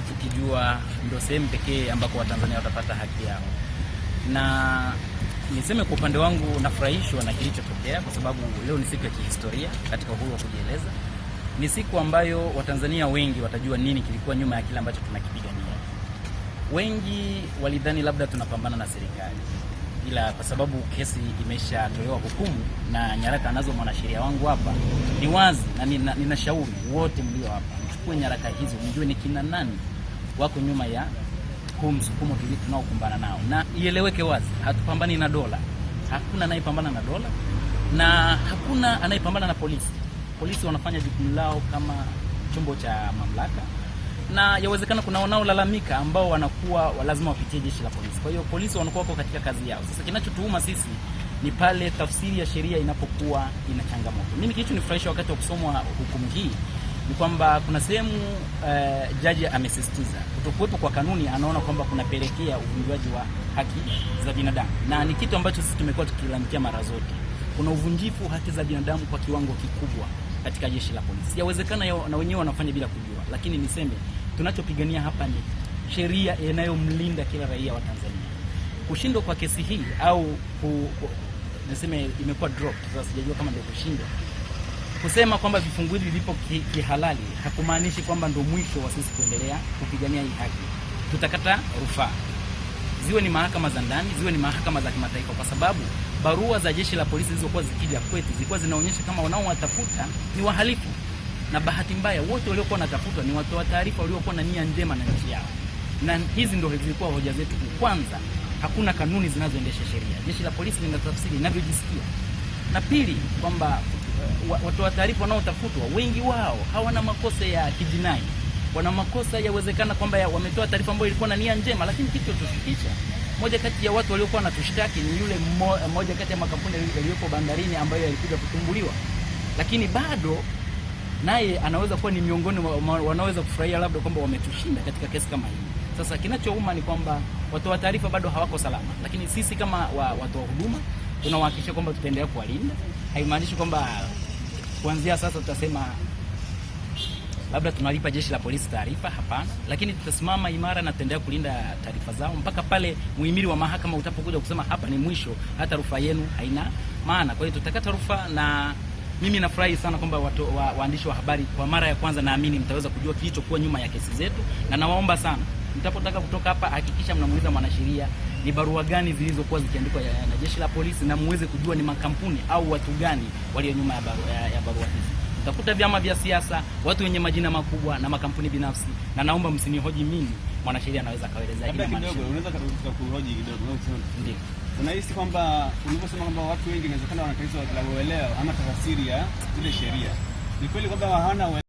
Tukijua ndio sehemu pekee ambako Watanzania watapata haki yao, na niseme kwa upande wangu nafurahishwa na kilichotokea, kwa sababu leo ni siku ya kihistoria katika uhuru wa kujieleza. Ni siku ambayo Watanzania wengi watajua nini kilikuwa nyuma ya kile ambacho tunakipigania. Wengi walidhani labda tunapambana na serikali, ila kwa sababu kesi imeshatolewa hukumu na nyaraka anazo mwanasheria wangu hapa, ni wazi na ninashauri wote mlio hapa tuchukue nyaraka hizo, mjue ni kina nani wako nyuma ya huu msukumo tunaokumbana nao, na ieleweke wazi, hatupambani na dola. Hakuna anayepambana na dola na hakuna anayepambana na polisi. Polisi wanafanya jukumu lao kama chombo cha mamlaka, na yawezekana kuna wanaolalamika ambao wanakuwa lazima wapitie jeshi la polisi. Kwa hiyo polisi wanakuwa wako katika kazi yao. Sasa kinachotuuma sisi ni pale tafsiri ya sheria inapokuwa ina changamoto. Mimi kitu nifurahisha wakati wa kusomwa hukumu hii ni kwamba kuna sehemu uh, jaji amesisitiza kutokuwepo kwa kanuni, anaona kwamba kunapelekea uvunjwaji wa haki za binadamu, na ni kitu ambacho sisi tumekuwa tukilalamikia mara zote. Kuna uvunjifu haki za binadamu kwa kiwango kikubwa katika jeshi la polisi. Yawezekana ya, na wenyewe wanafanya bila kujua, lakini niseme tunachopigania hapa ni sheria inayomlinda kila raia wa Tanzania. Kushindwa kwa kesi hii au ku, ku, niseme imekuwa drop, sasa sijajua kama ndio kushindwa Kusema kwamba vifungu hivi vipo kihalali ki hakumaanishi kwamba ndo mwisho wa sisi kuendelea kupigania hii haki. Tutakata rufaa, ziwe ni mahakama za ndani, ziwe ni mahakama za kimataifa, kwa sababu barua za jeshi la polisi zilizokuwa zikija kwetu zilikuwa zinaonyesha kama wanaowatafuta ni wahalifu, na bahati mbaya wote waliokuwa wanatafutwa ni watoa taarifa waliokuwa na nia njema na nchi yao, na hizi ndo zilikuwa hoja zetu. Kwanza, hakuna kanuni zinazoendesha sheria, jeshi la polisi linatafsiri inavyojisikia, na pili kwamba Eh, watoa taarifa wanaotafutwa wengi wao hawana makosa ya kijinai, wana makosa yawezekana kwamba ya wametoa taarifa ambayo ilikuwa na nia njema, lakini kitu kilichotusikitisha moja kati ya watu waliokuwa wanatushtaki ni yule mmoja eh, kati ya makampuni yaliyopo bandarini ambayo yalikuja kutumbuliwa, lakini bado naye anaweza kuwa ni miongoni wanaweza kufurahia labda kwamba wametushinda katika kesi kama hii. Sasa kinachouma ni kwamba watoa taarifa bado hawako salama, lakini sisi kama watoa wa huduma tunawahakikishia kwamba tutaendelea kuwalinda haimaanishi kwamba kuanzia sasa tutasema labda tunalipa jeshi la polisi taarifa, hapana, lakini tutasimama imara na tutaendelea kulinda taarifa zao mpaka pale muhimili wa mahakama utapokuja kusema hapa ni mwisho, hata rufaa yenu haina maana. Kwa hiyo tutakata rufaa, na mimi nafurahi sana kwamba wa, waandishi wa habari kwa mara ya kwanza naamini mtaweza kujua kilichokuwa nyuma ya kesi zetu, na nawaomba sana mtapotaka kutoka hapa, hakikisha mnamuuliza mwanasheria ni barua gani zilizokuwa zikiandikwa na jeshi la polisi, na muweze kujua ni makampuni au watu gani walio nyuma ya barua, ya ya barua hizi. Utakuta vyama vya siasa, watu wenye majina makubwa na makampuni binafsi, na naomba msinihoji mimi, mwanasheria anaweza kaeleza hili Kidogo unaweza kuhoji kidogo, ndio unahisi kwamba unaposema kwamba watu wengi inawezekana wanakalisa wakilaelewa ama tafsiri ya zile sheria, ni kweli kwamba hawana